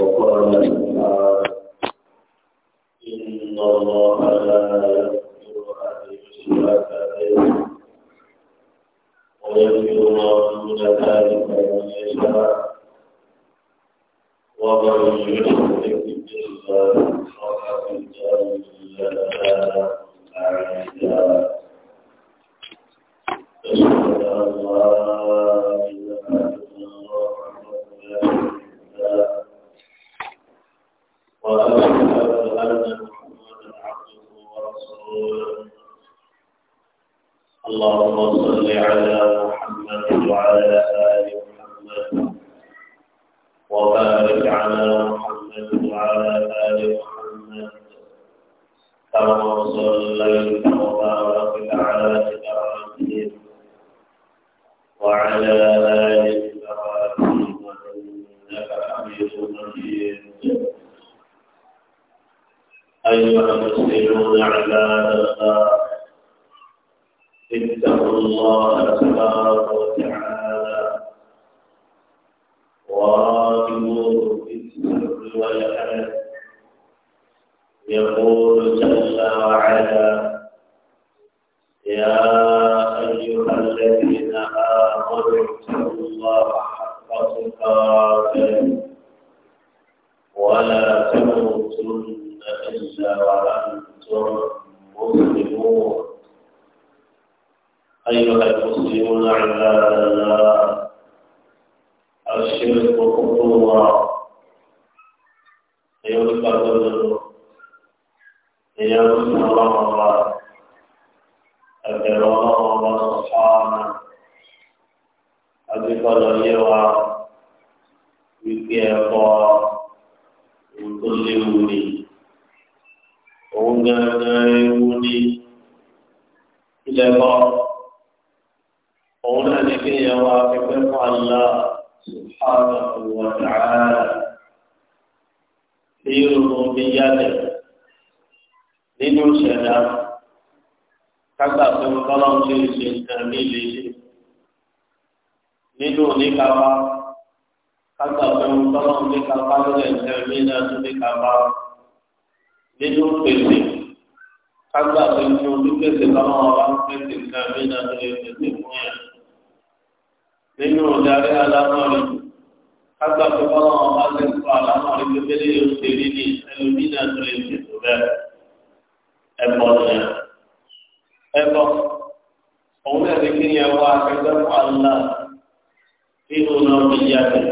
وقال إن الله لا يغفر أيها المسلمون عباد الله اتقوا الله تبارك وتعالى àbí kọlọ yé wa wípé ẹ̀kọ́ ohun tó léwu ni òun gangan ewu ni ilẹ̀ kọ́ òun náà ní kéèyàn wá pẹpẹ fún àlá subhanahu wa ta'ala ní irun omi yálẹ̀ nínú ìṣẹ̀dá kágbà tó ń kọ́ lọ́n ṣe nǹkan ní ilé ṣe nínú oníkàwá kágbà fẹ́ràn tọ́lá oníkàwá lórí ẹ̀sẹ̀ mi náà tún níkàwá nínú pèsè kágbà fẹ́ràn olùpèsè tọ́lá ọba pèsè nǹkan mi náà tún lè pèsè fún yẹn nínú ìdarí alámọ̀rin kágbà fẹ́ràn tọ́lá ọba lè sọ alámọ̀rin pépélé yóò ṣe rí ni ẹlòmí náà tún lè pèsè bẹ́ẹ̀ ẹ̀bọ̀ nìyẹn ẹ̀bọ̀ òun náà ní kí ni ẹ̀wọ̀ akẹgbẹ́ nínú náà ti di àgbẹ̀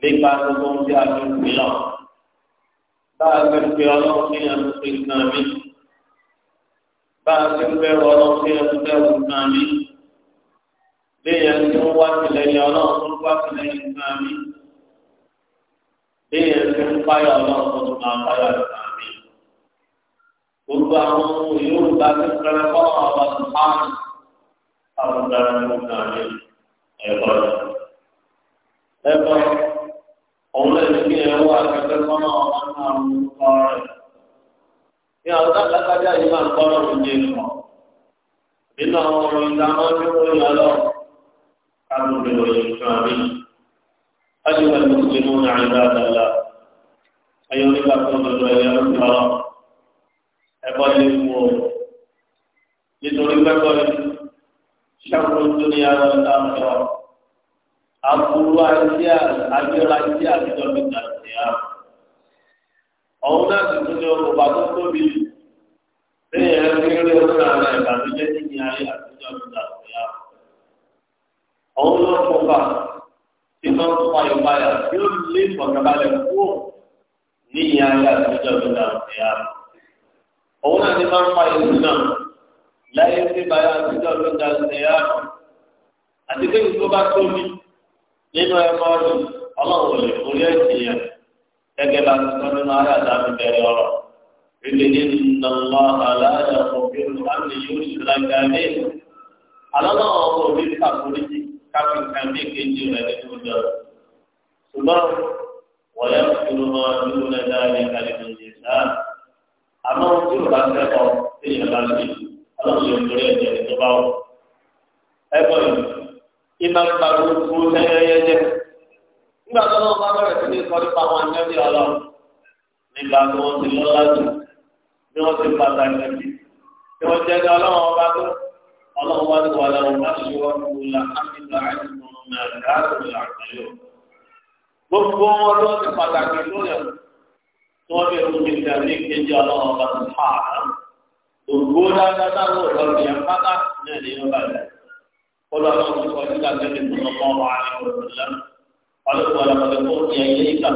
nípa gbogbo ohun tí a fi ń pè lọ. Bá a fi ń pè ọlọ́run ní ẹnu pé nǹkan mi. Bá a fi ń pè ọlọ́run ní ẹnu pé nǹkan mi. Béèyàn tí ń wá tìlẹ́yìn ọlọ́run tó ń wá tìlẹ́yìn nǹkan mi. Béèyàn tí ń páyà ọlọ́run tó máa páyà nǹkan mi. Gbogbo àwọn ohun yóò gba sí pẹrẹ fọ́ọ̀mù ọba tó máa ń àwọn ọ̀daràn nǹkan mi. Ẹ̀rọ rẹ̀ ẹ̀fọ́ òun lè fi ẹ̀rọ akẹ́kẹ́ kọ́nà ọ̀hún náà mú kọ́rọ̀ rẹ̀. ní ọ̀dọ́ alágbájá yìí máa ń kọ́rọ̀ mi jẹ́ ìmọ̀ nínú àwọn ọmọ ìta máa ń dúró yà lọ káàdùn mi lòye fún mi. láti wà ní ìlú náà ń dáa dáa ayọ̀ nígbà tó ń lọ ẹ̀yà ń aburú ayé agbérayé àtijọ́ mi ta sí a. ọ̀hún náà ti tún ní ọkọ̀ọ̀bà tó tóbi lẹ́yìn ẹgbẹ́rẹ́ ọ̀nà ara ìbànújẹ́ ní ní ayé àtijọ́ mi ta sí a. ọ̀hún náà tún fà tí wọ́n tún fa ìpayà tí ó lé ìfọ̀kànbalẹ̀ kúrò ní ní ayé àtijọ́ mi ta sí a. ọ̀hún náà ti máa ń fa ìlú náà láyé sí ìbáyà àtijọ́ mi ta sí a. àti pé ìgbó bá tóbi nínú ẹ̀kọ́ ọdún ọlọ́run lè forí ẹ̀sìn yẹn gẹ́gẹ́ bá ti sọ nínú ara àdáfi bẹ̀rẹ̀ ọ̀rọ̀ ìdí ní nàlọ́ àlàyé ọ̀gbìn àmì yóò ṣùgbọ́n gàdé alọ́nà ọkọ̀ òbí kàkóríjì káfí kàmí kejì rẹ̀ nínú ìjọ ṣùgbọ́n wọ́n yẹ kúrò mọ́ nínú ẹ̀dá ní kàlífù ní ìsá àmọ́ tí o bá kẹ́kọ̀ọ́ tí ìyẹn bá ṣe ọlọ́run lè forí ẹ̀sìn tó bá wọ̀ ẹ̀kọ́ ìmọ̀ nípa gbogbo ẹyẹyẹ jẹ. nígbà tó lọ́wọ́ bá bẹ̀rẹ̀ sí ní kọ́ nípa àwọn anẹ́bí ọlọ́run nígbà tí wọ́n ti lọ́lá jù bí wọ́n ti pàtàkì jù bí wọ́n jẹ́ ní ọlọ́run ọba tó ọlọ́run wá ní wàlá ọba ṣe wọ́n kú la ámìlá àìsàn nàìjíríà àti àgbẹ̀yọ. gbogbo wọn ló ti pàtàkì lóyè tí wọ́n bẹ̀rù mi ìgbà ní kejì ọlọ́run ọba tó pààrọ̀ ògbó dáadáa táwọn ọ̀rọ̀ ìyá pátá náà ní ọba rẹ̀. قل أعوذ بك النبي صلى الله عليه وسلم قال ولقد أوحي إليك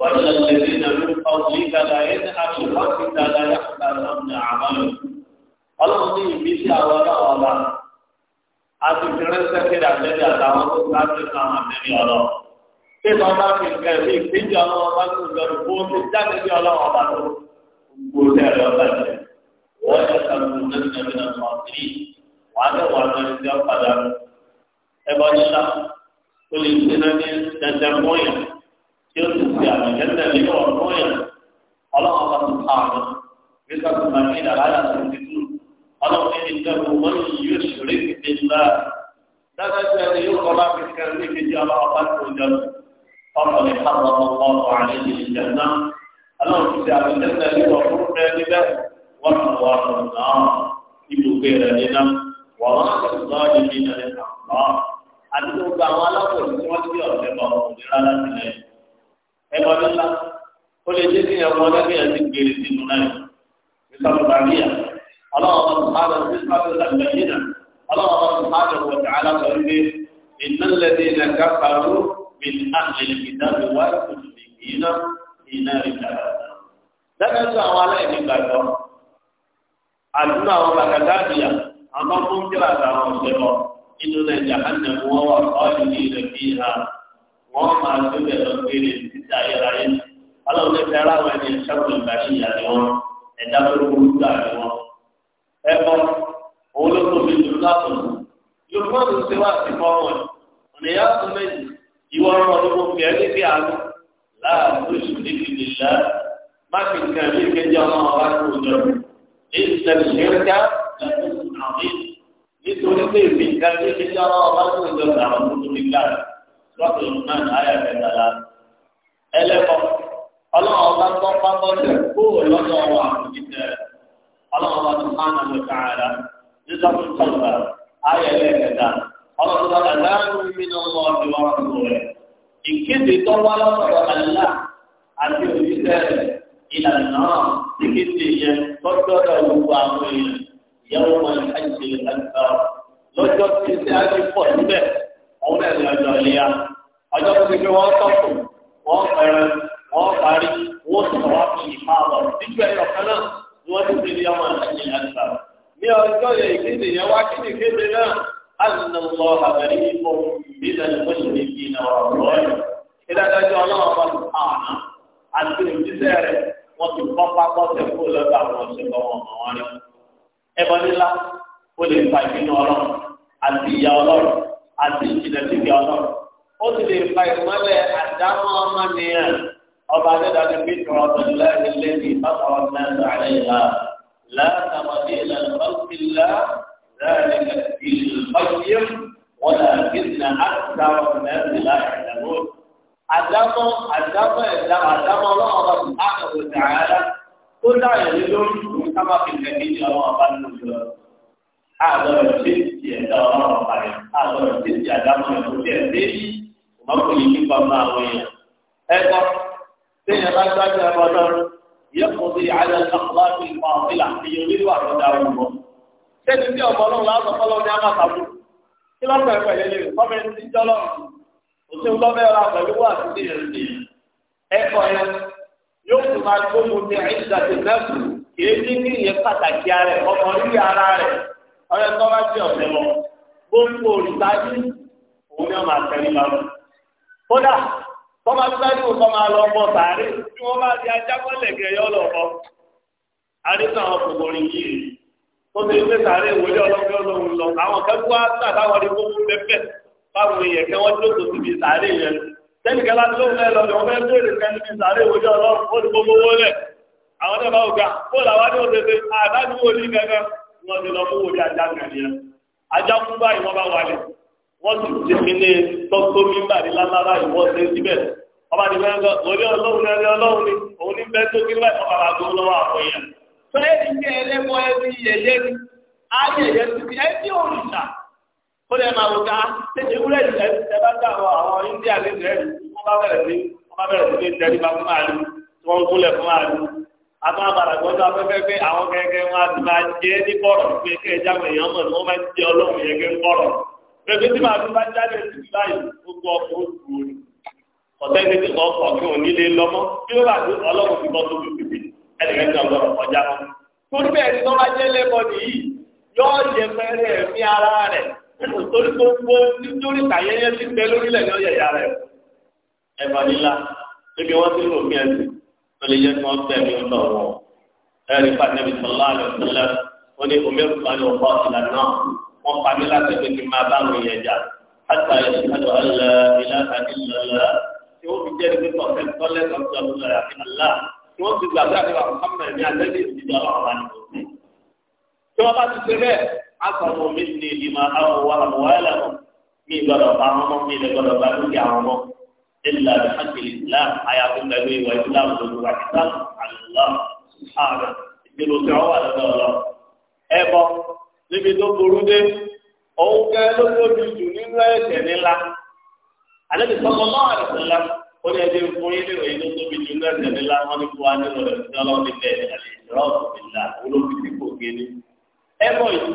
وإلى الذين من قبلك لا يذهب الحق لا يحسن عملك ọlọ́run ní ìbísí àwọn ọlọ́wọ́ ọba àti ìfiránṣẹ́ kéde àtẹ́lẹ́ àtàwọn tó sáájú àwọn àtẹ́lẹ́ ọlọ́ pé tí wọ́n bá fi nǹkan ẹ̀mí ìpínjọ ọlọ́wọ́ bá tó lọ́rùn kó tó jáde bí ọlọ́wọ́ ọba tó gbó tẹ̀lé ọba jẹ wọ́n yẹ kàlùkù lẹ́sìn ẹ̀mí náà wàá bẹ wà lọ sí ọ̀padà ẹbọ nílá ó lè gbé náà ní dandan mọ́yà tí ó sì ṣe àbẹ̀jẹ́ tẹ̀lé ọ̀rọ̀ mọ́yà ọlọ́run bá tún àná bí sọ́kùn máa ní ìdàláyà tó ti tú ọlọ́run ní ìjọba wọn yóò ṣòrí ìdè ńlá dáadáa ẹni yóò kọ́ bá fi kẹrin ní ìdíje ọlọ́run bá tó jọ ọkọ̀ ní káàbọ̀ ọkọ̀ àlẹ́ ìdíje wọ́n á lè lọ ní ní ìdálẹ́ kàmọ́ àti gbogbo àwọn aláwọ̀ tí wọ́n ti ọ̀sẹ̀ bọ̀ ọ̀hún rárá sílẹ̀ ẹ̀rọ nílá ó lè dé sí ẹ̀rọ ọlẹ́gbẹ̀ẹ́ yẹn ti gbèrè sínú náà ìsọ̀rọ̀bàmíyà ọlọ́run sùpàdé ìsọ̀rọ̀bàmíyà ọlọ́run sùpàdé wọ̀tí alákọ̀ọ́lẹ́ ìnálédè ilẹ̀ kápáró bíi àlẹ́ ìdábẹ̀ wá ìtòlùmíyìnà iná ìdára. dábẹ́sọ̀ àwọn aláìní gbàgbọ́ àdúrà àwọn bàkàtà àbíyà àmọ́ fún kíra àtàwọn ọ̀sẹ̀ lọ nínú nàìjíríà hànà wọn wà ọ́ọ̀dì ní ilẹ̀ fi hà wọ́n máa tó bẹ̀ lọ kéré títí ayérayé ọlọ́run ẹ̀fẹ́ aláwọ̀ ẹni ṣàkóso ìgbàlẹ̀ ìyá ni wọn ẹ̀dá burúkú gbà ni wọn. ẹ̀kọ́ òun ló tó fi dùn látọ̀nù yóò fọ́n tó ṣe wá sí fọ́wọ́n ọ̀nà ìyá tó méjì ìwọ ọ̀rọ̀ ló fi ẹ́ bí àánú láàbù ìṣòdìkì عظيم nítorí pé èmi nǹkan tó ṣe dáwọ́ ọba tó ń lọ àwọn ọmọdé mi gbà lọ́pọ̀ náà láyà kẹta la ẹlẹ́kọ̀ọ́ ọlọ́run ọba tó ń pápọ́ tẹ̀ kó lọ́dọ̀ ọwọ́ àkójì tẹ̀ ọlọ́run ọba tó hánà ló káàrà nígbà tó tọ̀gbà ayẹ lẹ́kẹta ọlọ́run ọba láàánú mi náà wọ́n ti wọ́n tó rẹ̀ ìkéde tó wá lọ́sọ̀rọ̀ àlá àti òjì يوم الحج الأكبر لقد تسأل فهمة أولا الأجالية أجل سكواتكم وقرن وقرن وصواب الإحاضة تجمع ربنا نوصل يوم الحج الأكبر من أجل كذا وكذا كذا أن الله بريء من المشركين والظالمين إذا أجل الله سبحانه عن كل جزائر وفي الضبع قد يقول لك عن ẹbọ nílá ó lè fa ìbínú ọlọ́run àti ìyá ọlọ́run àti ìjìnlẹ̀ síbi ọlọ́run ó sì lè fa ìmọ́lẹ̀ àdámọ́ ọmọ nìyẹn ọba adédáni bí tọrọ tó lẹ́yìn lẹ́yìn ìfọwọ́ mẹ́ta àlẹ́ ìlà látàmọ́dé ìlànà ọ̀sìnlá ذلك القيم ولكن أكثر الناس لا يعلمون عدم عدم bá الله سبحانه ara. ó dáyọ̀ lé lórí ìlú sábà fi kẹ̀kẹ́ ní ọmọ ọba nínú ìlú àgọ́rọ̀ ṣe ti ẹ̀dá ọmọ ọba rẹ̀ àgọ́rọ̀ ṣe ti àdámọ̀ rẹ̀ kó tiẹ̀ dé ọmọkùnrin nípa ọmọ àwọn èèyàn. ẹ gbọ́ sẹ́yìn bá gbájú ẹ bọ́ lọ́rùn yẹ́pọ̀ sí àlẹ́ ọ̀pọ̀lọpọ̀ ìfọ̀ àwọn ìlà èèyàn nínú àtọ́jà ọ̀rọ̀ sẹ́ni tí ọ̀pọ̀ lọ́rùn láwọn ọ̀pọ̀lọ́ ní àmàtàkù kí lọ́pọ̀ ẹ̀fẹ̀ yẹn lè kọ́mẹ́ntì jọlọ́run òṣèlú lọ́mẹ́ra pẹ̀lú wà sí ẹ̀sìn ẹ̀kọ́ yẹn yóò tún máa tó mo ti ẹ̀ka ti mẹ́fù ní kí ìyẹn pàtàkì ara ọmọ orí ara rẹ ọyọ tó bá ọ̀sẹ̀ lọ gbogbo olùtajú òun ni wọn máa tẹ̀lé ma lọ. kódà tọ́ba tó dájú máa lọ sàárè tí wọ́n di yọ tẹ́nìkẹ́ láti lóun lẹ́ lọ́dọ̀ ọmọ ẹgbẹ́ èrè kan níbi sàárè ìwòjọ́ ọlọ́run ó ní gbogbo owó lẹ̀ àwọn tẹ́ bá wò ga kó làwọn ní òṣèṣe àdájú wo ní gangan wọn ti lọ fún wòlé ajá nàìjíríà ajá fún báyìí wọn bá wálé wọn sì ti fi ní tọ́tómi bàrí lálára ìwọ́n ṣe síbẹ̀ ọba ní gbẹ́ngàn òní ọlọ́run òrìṣà ó lè máa wò ká tètè wúlẹ̀ ìlẹ̀ ẹ bá àwọn India lè rẹ̀ wọ́n bá bẹ̀rẹ̀ sí wọ́n bá bẹ̀rẹ̀ sí lè tẹ́lẹ̀ bá fún màálù tí wọ́n kúlẹ̀ fún gbọ́dọ̀ afẹ́fẹ́ pé àwọn kẹ̀kẹ́ wọn àti máa jẹ́ ní ẹja èèyàn mọ̀ ní wọ́n máa jẹ́ ọlọ́run yẹn ń pẹ̀lú tí bá jáde sí báyìí gbogbo ọ̀tẹ́ni ti kọ́ òní lọ́mọ́ torí gbogbo nítorí tàyẹyẹ ti bẹ lórílẹ̀ ní ọ̀yẹ̀ ìyá rẹ̀ ẹ̀fà nílá níbi wọ́n ti rò mí ẹ̀sìn tó lè yẹ kí wọ́n tẹ̀ mí ń lọ wọ́n ẹ̀rí pàtẹ́bí sọlá rẹ̀ sílẹ̀ wọ́n ní omi ẹ̀kú àti ọ̀pá ọ̀sìlà náà wọ́n pa mí láti pé kí n máa bá àwọn èèyàn jà hàtà ìṣàjọ alẹ́ ilá akọ̀tún mi ní ìdìmọ̀ àwọn wa àwọn ẹlẹ́ mọ̀ mi gbọdọ̀ bá wọn mọ̀ mi lè gbọdọ̀ bá dúkìá wọn mọ̀ ilà àti islam àyàfi pẹ̀lú ìwà islam lórí wa islam àlùlá sùhàrà ìdílé tí wọ́n wà lọ́dọ̀ lọ. ẹ bọ níbi tó burú dé òun kẹ ló jù nínú ẹ̀ṣẹ̀ nílá àlejò sọ́kọ́ náà àdìsílá ó ní ẹni fún yín nínú yín tó tóbi jù nínú ẹ̀ṣẹ̀ nílá wọn ní fún wa nínú rẹ̀ sí ọlọ́run níbẹ̀ àlejò ọ̀sùn ìlà olókìtì kò gé ní. ẹ bọ ìsìn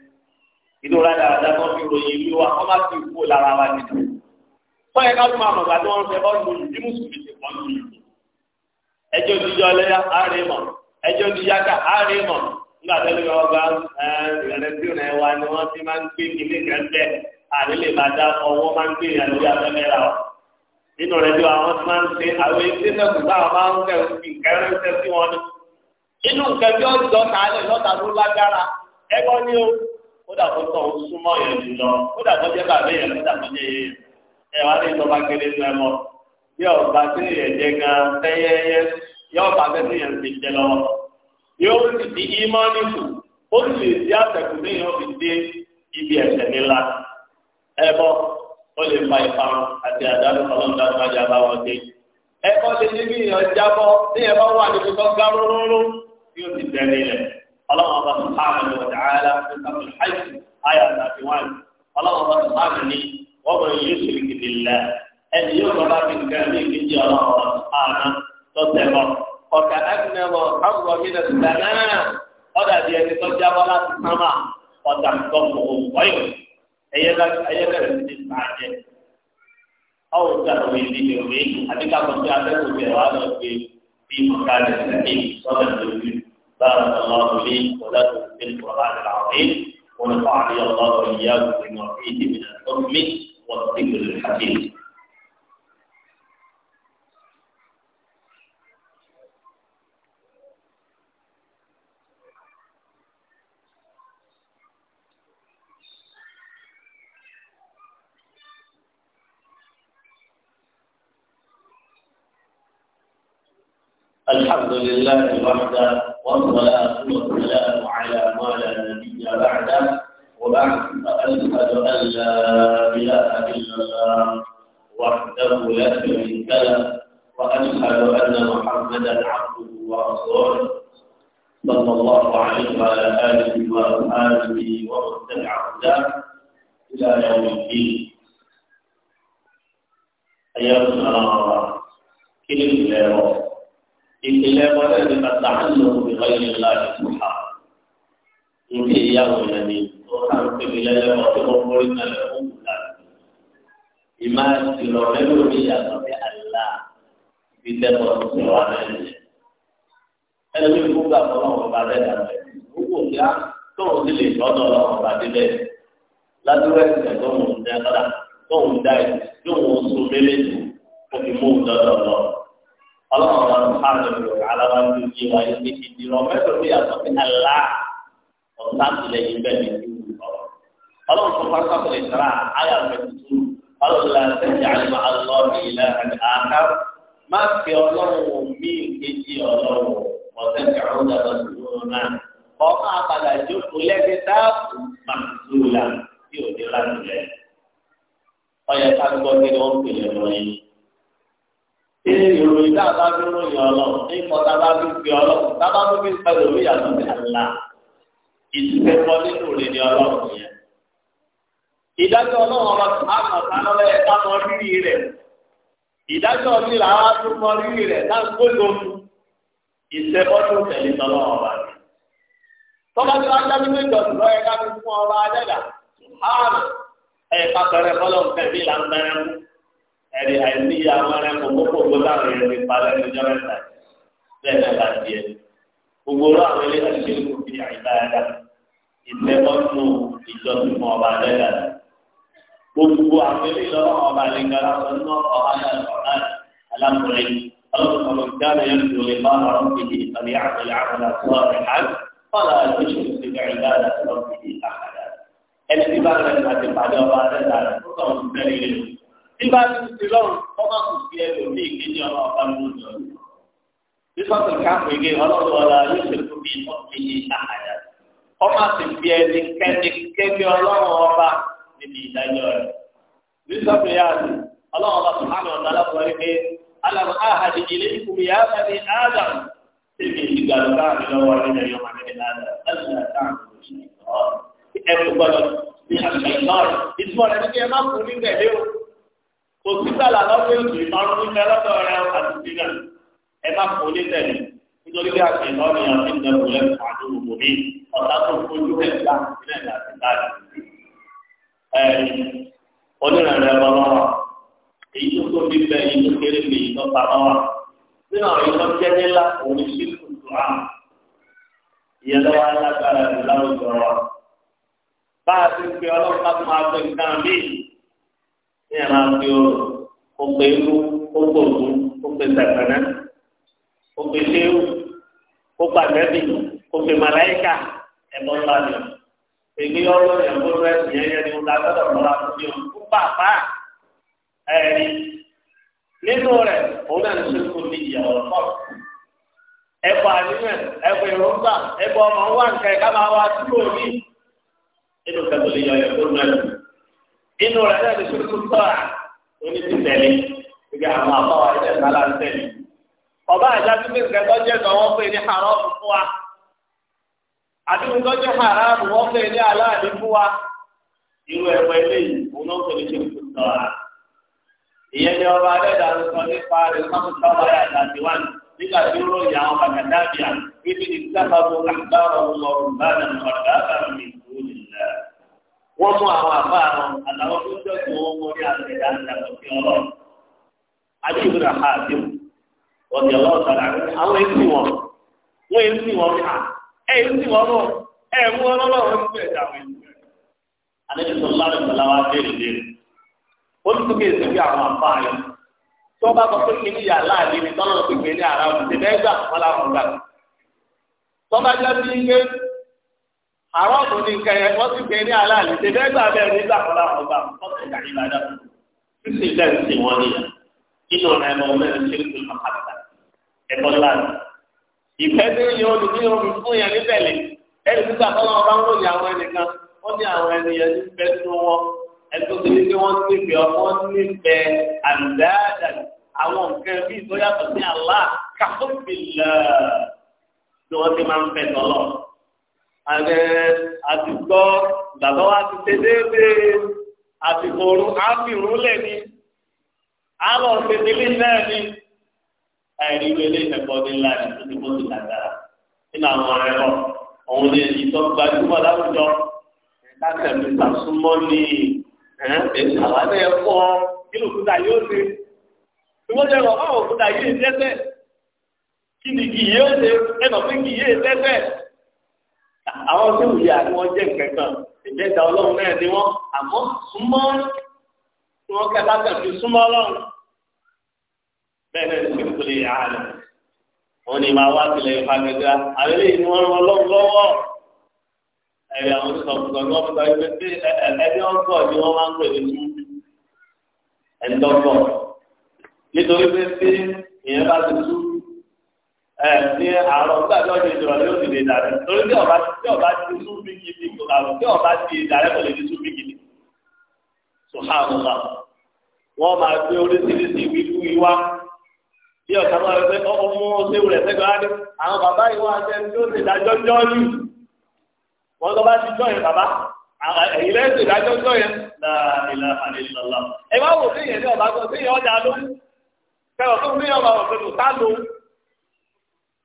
ìdúrà dáadáa tó ń fi ròyìn ìlú wa kọ́ má fi kú lára wa nìkan. wọ́n yẹ ká tún máa mọ̀gbà tó ń fẹ́ bọ́ọ̀lù lòlù bí mùsùlùmí ti pọ̀ nù yìí. ẹjọ́ ìdíjọ́ ọlẹ́yà àárè mọ̀ ẹjọ́ ìdíyàká àárè mọ̀ nígbà tó lè ọgbà ìrẹ̀lẹ̀ tí ò náà wá ni wọ́n ti máa ń gbé kíní gẹ́gẹ́ àní lè bá dá ọwọ́ máa ń gbé ìyàlú yà mẹ́mẹ́ra wa. nínú rẹ̀ bí àwọn ti máa ń ṣe àwọn etí sẹ́kùn bá máa ń kẹ́ nǹkan rẹ̀ sí wọn inú nǹkan bí ó jọ tààlẹ̀ lọ́tà tó lágbára ẹgbọ́n kódà kó tọ̀ ó súnmọ́ yẹn jùlọ kódà kó jẹ́ bàbá yẹn kódà kó jẹ́ yẹn ẹ wá ní ìtọ́ba kéré tó ẹ mọ bí ọba tí yẹn jẹ gan tẹ́yẹyẹ yọ ọba tẹ́tí yẹn ti jẹ lọ yóò sì di ímọ́nì kù ó sì lè di àtẹ̀kù ní yẹn fi dé ibi ẹ̀sẹ̀ nílá ẹ bọ ó lè fa ìparun àti àdánù ọlọ́dún àti àbá wọn dé ẹ̀kọ́ ti ní bí yẹn jábọ́ tí yẹn bá wà níbi tó ọlọ́wọ́n bá sùpáàmù lọ dàálà fún hajj ayà tàbí wọn ọlọ́wọ́n bá sùpáàmù ní wọ́n bọ̀ yóò ṣe ìdílé lẹ̀ ẹni yóò bá bá fi nǹkan ní ìdíje ọlọ́wọ́n bá sùpáàmù tó tẹ̀ bọ̀ ọ̀kà ẹ̀kúnẹ̀wọ̀ ọ̀rọ̀ mi lẹ̀ sùdà náà ọ̀dà bí ẹni tó jábọ́ láti sámà ọ̀dà tó mọ̀ wọ́yọ̀ ẹ̀yẹ bẹ̀rẹ̀ sí sàájẹ́ ọ̀rọ̀ tí a lọ wí ní ìròyìn àbíkà kan tí a fẹ́ kò tẹ̀ wá lọ sí bí ọ̀gá rẹ̀ sẹ́yìn sọ́dọ̀ lórí بارك الله لي ولكم في القرآن العظيم ونفعني الله وإياكم بما فيه من الحكم والذكر الحكيم ìpìlẹ̀ mọ́lẹ́ ní bàtà àlọ́ ìwà yìí láti fà níbi ìyàwó yẹn ni ó kà ń pèmí lẹ́lẹ́wọ̀n tó kọ́ fún ìtàlẹ̀ òkú láti. ìmá ìlọ lẹ́nu mi yàtọ̀ sí àlá ibi tẹ́kọ̀ tó ti wà lẹ́yìn. ẹni tó kú gbà fún ọmọ ọba rẹ̀ dàbẹ̀ gbogbo ìyá tó ń sílè lọ́dọ̀ ọmọ ọba débẹ̀ ládùúgbò ẹ̀sìn tó ń dá tó ń dá ẹ̀ tó ọlọ́run ọ̀rọ̀ sùpàdùn lò aláwa ń lu yé wa yé pé kìdí lọ mẹ́tò ló yàtọ̀ sí àlá ọ̀sátìlẹyìn bẹ́ẹ̀ ni ju ọ̀rọ̀ ọlọ́run tó fásitì àtọ̀lẹ̀ sara ayé àgbẹ̀tutù ọlọ́run sẹ́yìn àlùmọ́ alọ́ọ̀rì ilẹ̀ àká má fi ọlọ́run mí kejì ọlọ́run ọ̀sẹ̀ kẹrù dàgbà tuntun náà ọmọ àpàdà jókòó lẹ́gbẹ̀ẹ́ ilé ìròyìn tá a bá fi ròyìn ọlọ́run nípa tá a bá fi fi ọlọ́run tá a bá fi fi pẹ̀lú orí àtúntò àlá ìdúpẹ́ pọ̀ nínú rẹ̀ ní ọlọ́run yẹn. ìdájọ́ ọlọ́run ọba àmọ̀ sálọ́lẹ̀ ẹ̀ka mọ rírì rẹ̀ ìdájọ́ ọtí làwọn atúmọ̀ rírì rẹ̀ láńkó lóhun ìṣẹ́bọ́dún tẹ̀lé tọ́lọ́ ọba rẹ̀. tọ́lá tí wọ́n dábí pé ìjọsìn lọ́yẹ ká fún ọba adẹ́dà ẹni àìsí àwọn ẹranko gbogbo láwọn èèyàn ti pa lẹ́nu ọjọ́ mẹ́ta bẹ́ẹ̀ náà bá tiẹ̀ gbogbo ọ̀rọ̀ àwọn ilé àṣìṣe kò fi àyíká yára ìtẹ́kọ́nù ìjọsìn ọba lẹ́dà gbogbo àwọn ilé lọ́wọ́ ọba lẹ́gà lásán náà ọ̀hánà ọ̀hánà alákùnrin ọlọ́sọ̀rọ̀ ìdáná yẹn tó lè bá ọ̀rọ̀ kejì ìtàlẹ́ àtẹlẹ́ àtẹlẹ́ àtẹlẹ́ àtẹlẹ́ fọlá àtúnṣe ìgbà ìgbà àtẹlẹ́ ọ̀rọ̀ kejì ẹni tí bá rẹ̀ àti bá ti ti lọ́rùn ọba kò sí ẹlòmíì rẹ̀. Bísọ̀tì yá àti ọlọ́run ṣe fi ìgbàlùkà Ìtumọ̀ rẹ̀ ní kí ẹ má kú nígbà ilé o kò sísàlà lọ́wọ́ èdè ìparun ní mẹ́lọ́dọ̀ rẹ àti sílẹ̀ ẹ má kó lé tẹ̀lé nítorí bí àti ìtọ́ni àti ìdẹ̀kùn lẹ́kọ̀ọ́ àti òwò mi ọ̀tá tó fojú rẹ̀ gbà sílẹ̀ ní àti ìdájọ́. ẹ onírànlẹ́ ọlọ́wà èyí tó tóbi bẹ èyí tó kéré bẹ èyí tó pa ọwà nínú àwọn èyí tó jẹ́ nílá òun sí kùtù á ìyẹn lọ́wọ́ alágbára ìlú láwùjọ wa bá a ti ń pe ọlọ́run láti máa gbẹ nǹkan míì ní ẹ̀ máa fi ọ̀rọ̀ ó pe irú ó pe ògùn ó pe sàkànà ó pe séwù ó pa àtẹ́bì ó pe màláìkà ẹ̀bọ̀n lánàá èmi ọ̀rọ̀ ẹ̀bọ̀n rẹ̀ yẹn yẹn ni mo ta gbọ́dọ̀ lọ́la fún mi ò ń pàpà ẹ̀rí nínú rẹ̀ òun náà ní sẹ́kù ní ìyàwó pọ̀ ẹ̀kọ́ àníyàn ẹ̀kọ́ ìrọ̀gbà ẹ̀kọ́ ọmọ wa nǹkan ẹ̀ká máa wá dúró ní inú kẹ́tọ́ lè yọ ẹ̀kọ́ náà inú rẹ̀ náà lè ṣòro tó sọ̀rọ̀ oní ti tẹ̀lé gbígbé àwọn àbáwá ẹ̀jẹ̀ sálá ń tẹ̀lé. ọba àjà tó fi nǹkan tọ́jú ẹ̀sán wọ́n pè ní haram fún wa àdúgbò tọ́jú haram wọ́n pè ní aláàdé fún wa irú ẹ̀fọ́ eléyìí òun náà kò ní ṣe kó sọ̀rọ̀ ìyẹn ni ọba adẹ́dà ló sọ nípa rẹ̀ sáfù sábà àti wà nígbà tí ó ròyìn àwọn bàtàdàbíà bíbí ìgbàgbọ́ àgbà ọ̀rọ̀ lọ́rùn bá wọ́n mú àwọn àbá àwọn àtàwọn tó ń dẹ́kun wọn ní àtẹ̀dá àtàkùnfin ọlọ́run adébúrò àhàdé ọ̀dẹ̀ ọlọ́ọ̀tàlá àwọn èsì wọn wọ́n èsì wọn ní ẹ̀ èsì wọn lọ ẹ̀ mú wọn lọ́wọ́ wọn sí ẹ̀dá wọn. wa ó ti èsì bí àwọn àbá yẹn àwọn ọmọ ní nǹkan yẹn wọ́n sì gbé ní aláàlú ṣe fẹ́ gbà bẹ́ẹ̀ nígbà kan láwọn gbà wọ́n sì gbà yín ládà sísè lẹ́nu sí wọn ni inú ọ̀nà ẹ̀mọ mẹ́rin ṣe ń pè pàtàkì ẹ̀kọ́ láti. ìfẹ́ tí yẹn o ní omi fún yẹn níbẹ̀lẹ̀ ẹni nígbà kan láwọn bá ń ròyìn àwọn ẹnìkan wọ́n ní àwọn ẹnìyẹn ní fẹ́ tó wọn ẹ̀tọ́ ti ní pé wọ́n nífẹ̀ẹ́ wọ́n nífẹ̀ẹ́ àdáàdà àwọn nǹkan àrẹ àtìgbọ́ bàbá wa ti ṣe déédéé àtìgbò òrùn áfìrún lẹ̀ ni àlọ́ ṣètìlì náà ni ẹ̀rí wẹlé ìtẹ̀kọ́ ní ńlá ni tó ti kó ti dàgbára nínú àwọn ọ̀rẹ́ lọ òun ni èyí tó gbajúmọ̀ láwùjọ ẹ̀ka tẹ̀lé ìtàsúmọ́ ni èyí àwa náà kọ́ kí lòkúta yóò ṣe tí wọ́n jẹ́ lọ báwo òkúta yìí ń tẹ́tẹ́ kí ni kì yóò ṣe ẹ̀nà fún kì yóò tẹ́tẹ́ àwọn tó wù yà ni wọ́n jẹ́ nǹkan ìjẹta ọlọ́run náà ni wọ́n àmọ́ súnmọ́ tí wọ́n kẹta kan fi súnmọ́ ọlọ́run bẹ́ẹ̀ náà ní pípìlì àná wọ́n ní máa wá sílẹ̀ ìfagẹ́gá àwọn eléyìí ni wọ́n ràn ọlọ́run lọ́wọ́ ẹ̀rẹ̀ àwọn oníṣọ̀kùnrin wọn fi gbàgbé pé ẹni ọgọ́ ni wọ́n máa ń pè ní ẹ̀ńdọ́gbọ̀ nítorí pé tí ìyẹn bá ti tú ẹ ní àrùn nígbà tí wọ́n ti jùlọ ní òsì lè dàrẹ torí tí ọba tí ọba ti sún bí gidi àrùn tí ọba ti dàrẹ kò lè ti sún bí gidi sùhánùmá wọ́n máa gbé oríṣiríṣi wíwú iwá bí ọ̀sán máa rẹ pé ọmọ ṣéwù rẹ̀ sẹ́gbẹ̀ wá ní àwọn bàbá ìwọ àti ẹni tó ṣe ìdájọ́ jọ́ọ́lù wọ́n tó bá ti jọ́ yẹn bàbá èyí lẹ́yìn tó ìdájọ́ jọ́ yẹn láàrínlá àlejò lọ́la ẹ wá wò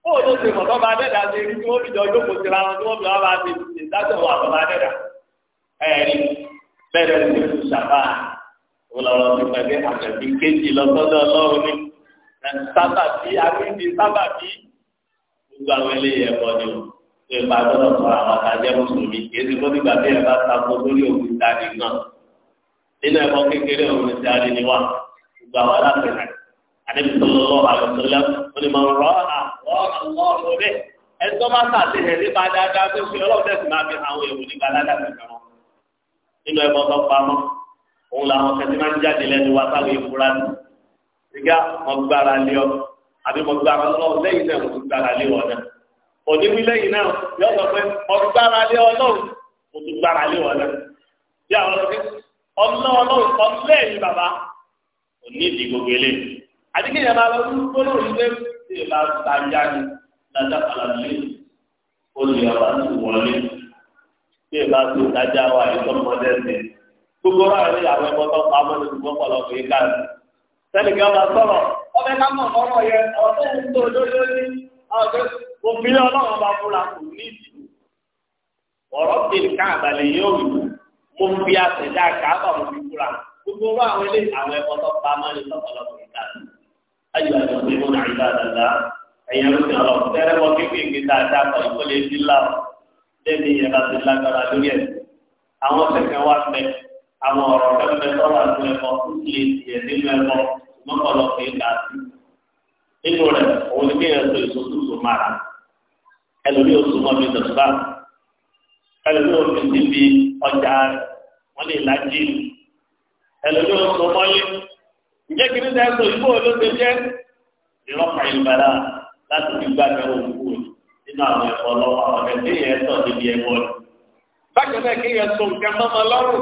ó ló ti mọ̀ tọ́ba dẹ́dà ṣe rí tí wọ́n fi jọ jókòó sí ara wọn tí wọ́n fi wá bá ti ìdájọ́ wà tọ́ba dẹ́dà ẹ̀rí bẹ́ẹ̀ ni oṣù ṣàbá ọlọ́run ti pẹ̀lú àtẹ̀bí kéjì lọ́sọ́dọ̀ ọlọ́run ní sábàbí àbíndí sábàbí gbogbo àwọn eléyìí ẹ̀kọ́ ni o ṣe bá gbọ́dọ̀ fọ àwọn àtàjẹ́ mùsùlùmí èyí kó nígbà tí ẹ bá takò lórí òkú dání náà nínú ẹ̀kọ́ kékeré òun ti ni wà gbogbo àwọn aláfẹ̀ẹ́ àdébìtì lọ́wọ́ àlùsọ́lá ó ní máa ń rọ́ ọlọ́run rẹ̀ ẹ̀tọ́ máa tàṣe rẹ̀ nípa dáadáa tó ṣe ọlọ́run tẹ̀sí máa fi àwọn èrò nípa dáadáa kankan wọn. nínú ẹ̀mọ́ tó pamọ́ òun làwọn kẹsì máa ń jáde lẹ́nu wa táwọn ìfura ní. ìgbà mo gbára lé ọ àbí mo gbára ọlọ́run lẹ́yìn náà mo gbára lé ọ náà. òní wí lẹ́yìn náà yọ sọ pé mo gbára lé ọlọ́run mo tún gbára lé ọ náà. bí àwọn ọlọ́run ọlọ́run ọ tí ìlà tajà ni tajà kàlàlé olè ọba ti wọlé tí ìlà tó tajà wà ìtọ́mọdé ti gbogbo rẹ̀ ní àwọn ẹgbẹ́ tó pa mọ́ni tó kọ́kọ́lọ́ fi ká ní. sẹ́ni kí ọba sọ̀rọ̀ ọbẹ̀ ká mọ̀ ọ̀rọ̀ yẹn ọ̀tọ̀ ń tó lórí ọ̀gbẹ́ òfin ọlọ́run bá fúnra kò ní ìdìbò ọ̀rọ̀ bíi káàbàlẹ̀ yóò wù mo fi àtẹ̀dá káàbà fi fúnra gbogbo rẹ̀ àwọn àwọn ẹgbẹ́ tó pa mọ́ni tó kọ́kọ́lọ́ fi ká ayọ̀ àti ìwé náà ìlà àdàlà ẹ̀yẹ ló ti ọ̀rọ̀ tẹ́rẹ́ wọ kékeré dáadáa kan ìkó lè fi là lẹ́ni ìyẹn bá ti lágbára lórí ẹ̀ àwọn kẹ̀kẹ́ wá mẹ́ àwọn ọ̀rọ̀ kẹ́kẹ́ sọ́wọ́ àti ẹ̀kọ́ tó lè tiẹ̀ nínú ẹ̀kọ́ mọ́kànlọ́ fi dà sí nínú rẹ̀ òun ni kí ẹ̀sọ́ ìṣòtú tó mara ẹlòmí oṣù mọ́ mi dọ̀tún ẹlòmí oṣù ti fi ọjà rẹ̀ lè lájì ẹlòmí oṣù mọ́lé ǹjẹ́ kí ní sẹ́yìn sọ ìbò ló ṣe jẹ́ ìrọ́pà ìbàdà láti fi gbàgbé òkú nínú àwọn ẹ̀kọ́ lọ́wọ́ àwọn ẹ̀ tí yẹn sọ níbi ẹ̀kọ́ rẹ̀. bákan náà kí yẹn sọ nǹkan mọ́mọ́ lọ́rùn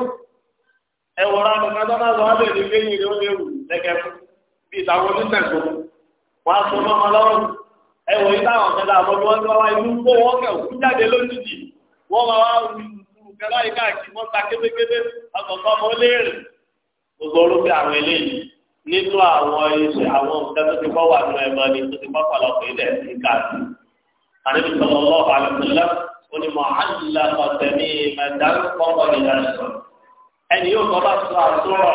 ẹ̀wọ̀n ránù kájọ́ náà wọ́n á lè ní kéyìn ní ó lè rù lẹ́kẹ́ fún bí ìtàwọn oníṣẹ̀kọ́ wọ́n á sọ mọ́mọ́ lọ́rùn ẹ̀wọ̀n yìí táwọn ọ̀kẹ́dà nínú àwọn iṣẹ́ àwọn nǹkan tó ti kọ́ wà nínú ẹ̀mọ́ ni tó ti kọ́ pàlọ́pọ̀ ilẹ̀ ìka sí. àníbi sọ̀rọ̀ lọ́wọ́ àlùfẹ́lá ó ní mọ̀ àlùlá ọ̀tẹ̀ ní ìmẹ̀dá kọ́kọ́ ní ìdájọ́. ẹni yóò kọ́ bá sọ àtúrọ̀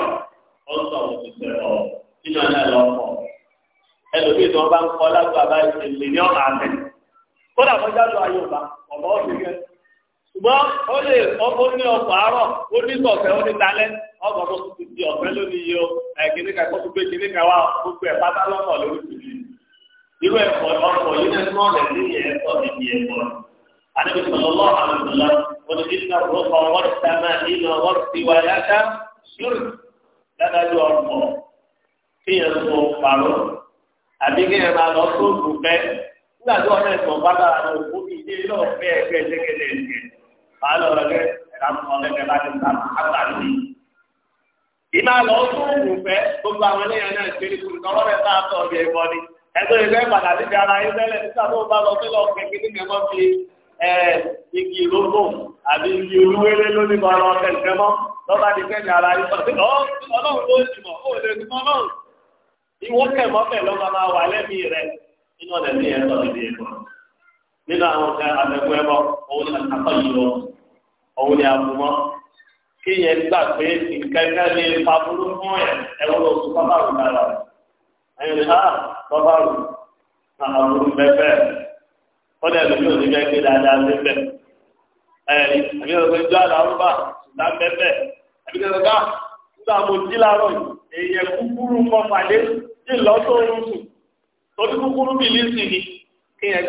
ó ń sọ̀rọ̀ òṣìṣẹ́ ọ̀ nínú ẹ̀dá lọ́kọ̀. ẹlòmíì tí wọ́n bá ń kọ́ lágbà bá ìṣẹ̀lẹ̀ ní ọ̀nà àtẹ̀. kódà kọjá lọ ayọ̀bá ọ̀bọ̀ ọ̀ṣùgbọ́n ó lè ọ ọgbọ̀n tó ti di ọ̀fẹ́ lónìí yìí o ẹ̀kíní kan kótó pé kíní kan wà gbogbo ẹ̀ pátá lọ́kọ̀ lóríṣiríṣi irú ẹ̀kọ́ ọkọ̀ yìí ní ẹ̀kọ́ rẹ̀ ní ẹ̀kọ́ níbi ẹ̀kọ́ àdébí sọlọ́lọ́ àlùmọ́lá onídìínà rọ́pà wọ́ọ̀tà náà nínú wọ́ọ̀tì wà yáká ṣúrù dádájú ọ̀pọ̀ kí yẹn tó parọ́ àbí kí yẹn máa lọ tó dùn fẹ́ nígbà tó ọ̀nà ẹ̀kọ́ bá dára ní òkú ìdí ìmọ̀ àlọ́ tó ń wù fẹ́ gbogbo àwọn eléyàn náà ṣe kú ìtọ́wọ́ rẹ̀ tá a sọ ọ̀bẹ ìbọn ni ẹgbẹ́ ìfẹ́ padà síbi ara yín tẹ́lẹ̀ nígbà tó bá lọ sílọ̀ kẹ̀kẹ́ ní kẹ́kọ́ fi igi ìrókò àbí igi olúwéré lórí kan lọ kẹ̀kẹ́ mọ́ lọ́ba ti kẹ́kẹ́ ara yín sọ̀tí ọlọ́run ló ń jùmọ̀ ó lè dùn ọlọ́run ìwọ kẹ̀mọ́ bẹ̀ lọ́ba máa wà lẹ́mí rẹ̀ nínú ọ̀dẹ̀ ní ẹ̀sọ́ ìdí ẹ̀kọ́ nínú àwọn ọ̀sẹ̀ àtẹ̀kọ́ ẹ̀kọ́ òun ni àkọ́ yìí lọ òun ni àbùmọ́ kí yẹn gbà pé ìkẹkẹ lè fa burú fún ẹ ẹwọn lọ sùn bàbá rù dára ẹyìn lè ha bàbá rù náà burú bẹbẹ kọlẹ lórí òní bẹ gbé dáadáa bẹbẹ ẹ àbí lọ pé jọ àlàrúbà ṣùgbọ́n bẹbẹ àbí lọ ká nígbà mo jí láàárọ̀ yìí èèyàn kúkúrú mọ pàdé jí lọ tó sùn torí kúkúrú bìlí sì ni kí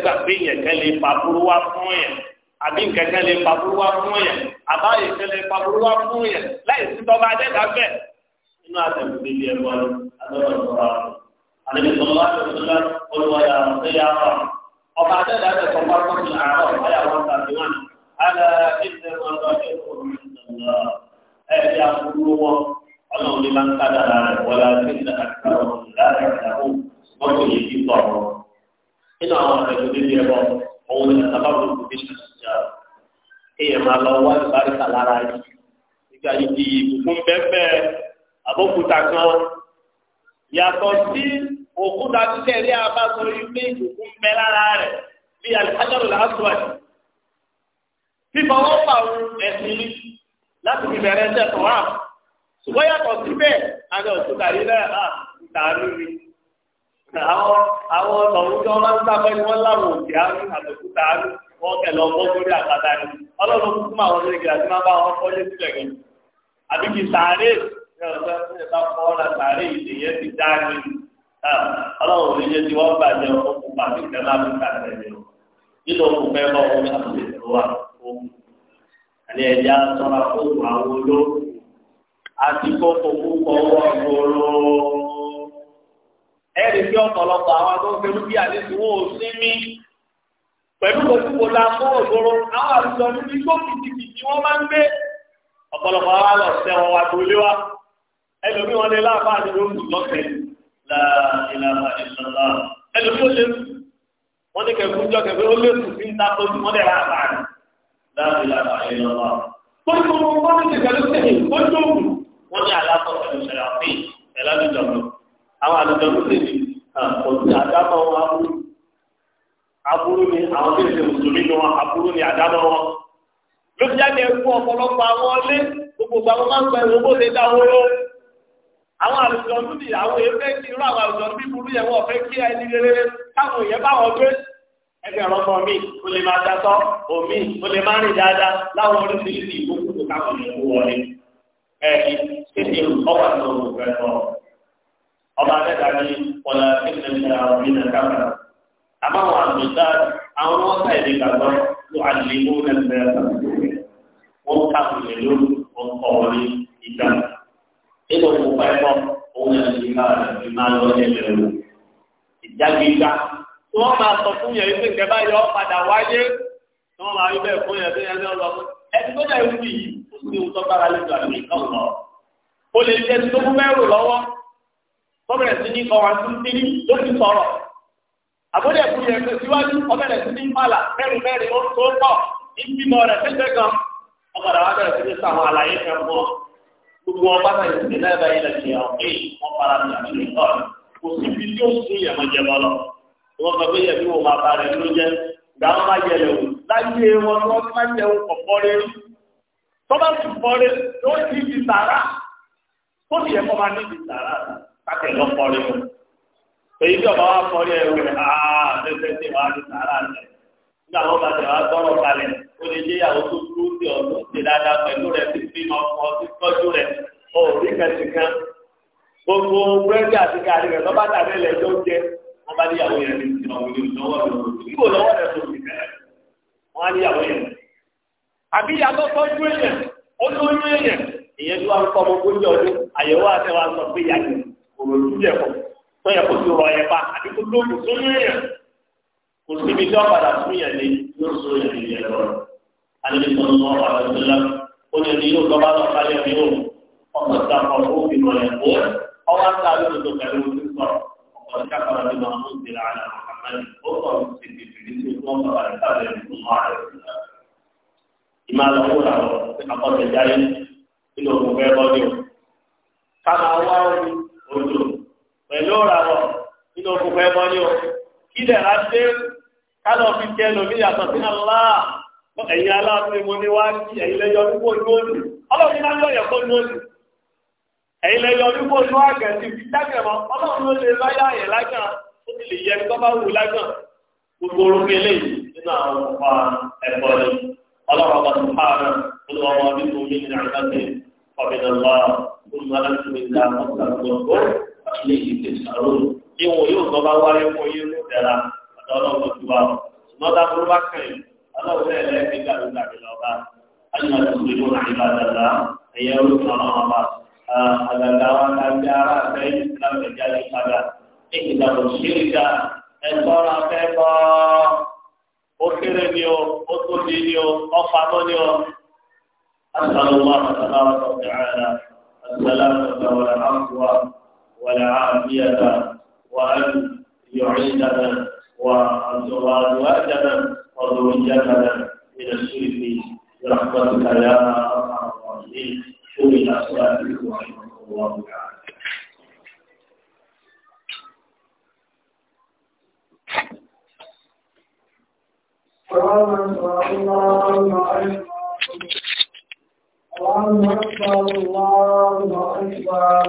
àbí nǹkan kan lè fa burú wá fún yẹn àbáyé kan lè fa burú wá fún yẹn láì sí tọ́ba adẹ́ta bẹ́ẹ̀. inú àtẹ̀wé ti di ẹ̀rọ àtọ́wọ̀ sọ̀rọ̀ àlejò sọ̀rọ̀ láti ọ̀dọ́ lọ olùwàyà ọ̀sẹ̀yà ọ̀ ọba adẹ́ta bẹ̀ sọ fún akọ́kọ́ ní àárọ̀ ọ̀yà wọn tàbí wọn. ala ìṣe wọn lọ sí ọ̀rọ̀ ẹ̀ẹ́dì àbúrú wọn ọlọ́run ní máa ń kádà lára wọlé akéde àtàwọn ọ̀dọ́ ìdáwó mọ́tò yìí ti sọ̀rọ̀ nínú àwọn àtẹ̀wé ti di ẹ̀rọ òun ni àtàwọn olùkọ́ kéèyàn máa lọ wá ìbáríkà lára yìí nígbà yìí ìbùkún bẹ́ẹ̀ àbókúta kan yàtọ̀ sí òkúta títẹ̀ ní abáṣọ ilé ìbùkún bẹ́ẹ̀ lára rẹ̀ bí alìkájọ́rò làásùwàdì fífọwọ́ pàrọ̀ ẹ̀sìn láti fi bẹ̀rẹ̀ ẹ̀sẹ̀ tó wà ṣùgbọ́n yàtọ̀ síbẹ̀ àgbẹ̀ òkúta yìí náà à dàánú ni àwọn àwọn ọ̀nà òwúrọ̀ wọn ń sábẹ́ ni wọ́n láwọn òkè àrùn àbẹ̀kúta àrùn wọ́n kẹlẹ̀ ọgbọ́n lórí àpáta ni ọlọ́run kúkú máa wọlé gíga tí máa bá wọn kọ́ lé sílẹ̀ gan. àbí kì í sàárè ní ọ̀sán tó yẹ bá kọ́ ọ́ la sàárè ìdèyẹ ti dá ní ọlọ́run ò ní yé tí wọ́n bàjẹ́ ọkùn pàtó ìtẹ́ láfíríkà tẹ̀lé o nínú òkú fẹ́ bọ́ wọn àti ètò wa òkú. àní ẹ̀jẹ̀ asọ́ra fóònù àwọn olóró àti kókó kókó ọwọ́ ìgboro ẹ̀rí sí ọ̀pọ̀lọpọ̀ àwọn tó ń fi rúbíà ní ìwọ̀n òsínmí pẹ̀lú gbogbo la mọ́ òṣòro àwọn àlùjọ níbi tó kìkìkì tí wọ́n máa ń gbé ọ̀pọ̀lọpọ̀ àwọn àlọ́ ṣẹ́ wọn wá gbolé wa ẹlòmí wọn lè láàbá ní ló ń lù lọ́sẹ̀ láìláàbá ìṣọ̀lá ẹlòmí ó lè lù wọ́n ní kẹ̀kú jọ kẹ̀kú ó lè lù sí ń dáko tí wọ́n lè láàbá rẹ̀ láìláàbá ìṣọ̀lá. tó ń gbogbo ní kẹ̀kẹ́ ló tẹ̀lé ó ń ní àlàkọ̀ ẹ̀lú ṣẹ̀lá aburú ni àwọn tí ń ṣe mùsùlùmí ni wọn aburú ni àdámọ̀ wọn ló fi jáde ẹkú ọ̀pọ̀lọpọ̀ àwọn ọlé gbogbo àwọn máa ń gba ìwọ bó ṣe dá oró àwọn àlùjọ níbi àwọn èèyàn fẹ́ kí irú àwọn àlùjọ níbi burú yẹn wọ́n fẹ́ kí ẹni rere táwọn èèyàn bá wọn gbé ẹgbẹ́ ọmọ mi ó lè máa dasọ́ omi ó lè máa rìn dáadáa láwọn oríṣiríṣi ìgbókùn tó káwọn ìlú wọlé ẹ̀ẹ́dì títí ọkọ̀ tó ń fẹ́ sọ ọba akẹ́kọ̀ọ́ ni ọ̀là ẹ̀kẹ́ àmọ́ wọn àwọn ọmọ ọ̀sán èdè gbàgbọ́ ló àlèmú ẹgbẹ́ àtàkùnrin wọn kà wọlé lórí wọn kọ wọlé ìgbà nínú òkúpa ẹ̀kọ́ òun náà ní ká rẹ̀ máa lọ ẹ̀lẹ́ wò ìjágbéga tí wọ́n máa sọ fún yẹn wípé nǹkan báyọ̀ padà wáyé tí wọ́n máa rí bẹ́ẹ̀ fún yẹn bí ẹni ọlọ ẹni tó dẹ̀ wù yìí ó sì ní ohun tó bára lẹ́jọ́ lọ ó lè jẹ́ tó kú mẹ́rù lọ́wọ́ tọ́bẹ̀rẹ̀ ní kọ́ wa tún sí àbúlé kù yẹn tó síwájú ọbẹ̀rẹ̀ sí ní mbàlà mẹ́rin mẹ́rin ó tó pọ̀ ìgbìmọ̀ rẹ̀ tẹ́tẹ́ gan ọ̀padà wá bẹ̀rẹ̀ sí ní sàwọn àlàyé fẹ́ mọ́ gbogbo wọn bá tẹ̀lé sí náà báyìí lẹ́sìn ọ̀hún pé wọ́n fara ní àbílẹ̀ ọ̀rọ̀ kò sí bí tí ó sún yẹ̀mọ̀jẹ̀ mọ́ lọ wọ́n sọ pé yẹ̀mí wo máa bá rẹ̀ ló jẹ́ gbà wọ́n má yẹ lẹ́wọ̀ láyé wọn tí wọ́n má yẹ wọn kọ̀ fọ́rẹ́ tọ́ba sì fọ́rẹ́ ló ti di sàrà yẹ èyí tí ọba wa kọrí ẹrù rẹ aa lẹsẹ tí wàá di sàrà rẹ nígbà wọn bá tẹ wàá tọrọ kalẹ̀ ó lè jẹ ìyàwó tó dúró sí ọdún ti dáadáa pẹ̀lú rẹ ti fi mọ ọkọ ti tọ́jú rẹ ó rí kẹsì kan gbogbo búrẹ́dì àti gàrí rẹ lọ́ba tàbí ilẹ̀ tó jẹ wọn bá níyàwó yẹn ní ìsìn ọ̀hún ní lọ́wọ́ rẹ ìbò lọ́wọ́ rẹ tó ti kẹlẹ̀ wọn á níyàwó yẹn àbí ìyàtọ̀ tọ́jú èèyàn ó lóyún èèyàn ìyẹn tó wà ń kọ́ ọmọ tó yẹ kó tó rọ ẹ pa àti kó tó kó tó yẹ kó tó ibi tó padà fún yẹn lé yóò sọ yẹn lé yẹn lọ alẹ́ tó ń lọ ọ̀rọ̀ tó lọ ó lè ní yóò gbọ́dọ̀ lọ kálẹ̀ mi ò ọkọ̀ tó akọ̀ ó fi lọ yẹn kó ọwọ́ àti alẹ́ tó tó kẹ́lẹ́ ó ti sọ ọkọ̀ tó kẹ́kọ̀ọ́ lọ́dún náà ó ti rà á lọ ó kọ̀ ó ti ti fi ní tó ń bọ̀ àti ìmọ̀ àlọ́ wúra lọ sí àkọsẹ̀ jáde nínú òkùnfẹ́ bọ́dí o. Káma wá omi ojú pẹ̀lú ọ̀ràwọ̀ nínú òkùnkùn ẹ̀mọ́ ni a kí lè ra dé kálọ̀ fi jẹ́ lómi yàtọ̀ sí àlá ẹ̀yin aláàbò ìmọ̀ ni wá sí ẹ̀yin lẹ́yọ ọlọ́run ní lájọ́ ẹ̀kọ́ lóòlù ẹ̀yin lẹ́yọ fi ọlọ́run ló lè láyà ẹ̀ lágàn ó ti lè yẹ bá wù lágàn gbogbo nínú àwọn ọ̀pá ẹ̀kọ́ ilé ìdè sọ̀rọ̀ ìwọ̀n yóò tọ́ bá wáyé fún yín ló dẹ̀ra ọ̀dọ́ ọlọ́run ti wá o ṣùgbọ́n tá a fún bá kẹ́yìn ọlọ́run bẹ́ẹ̀ lẹ́ẹ̀kẹ́ gbàgbé gbàgbé lọ́ba ayé àti ìdílé wọn àti ìbàdàlá ẹ̀yẹ orúkọ ọlọ́run ọba àgàgà wa ká bí ara àtẹ́yìn láti ẹ̀já lè padà ní ìdàgbọ̀ ṣíríga ẹ̀kọ́ ra fẹ́ kọ́ ó kéré ni o ó tóbi ni o ọ̀fà mọ́ ni o. أسأل الله تعالى السلامة والعفو والعافية وأن يعيدنا وأزواجنا وزوجتنا من الشرك برحمتك يا أرحم الراحمين شو إلى صلاتك ورحمة الله تعالى الله أكبر الله أكبر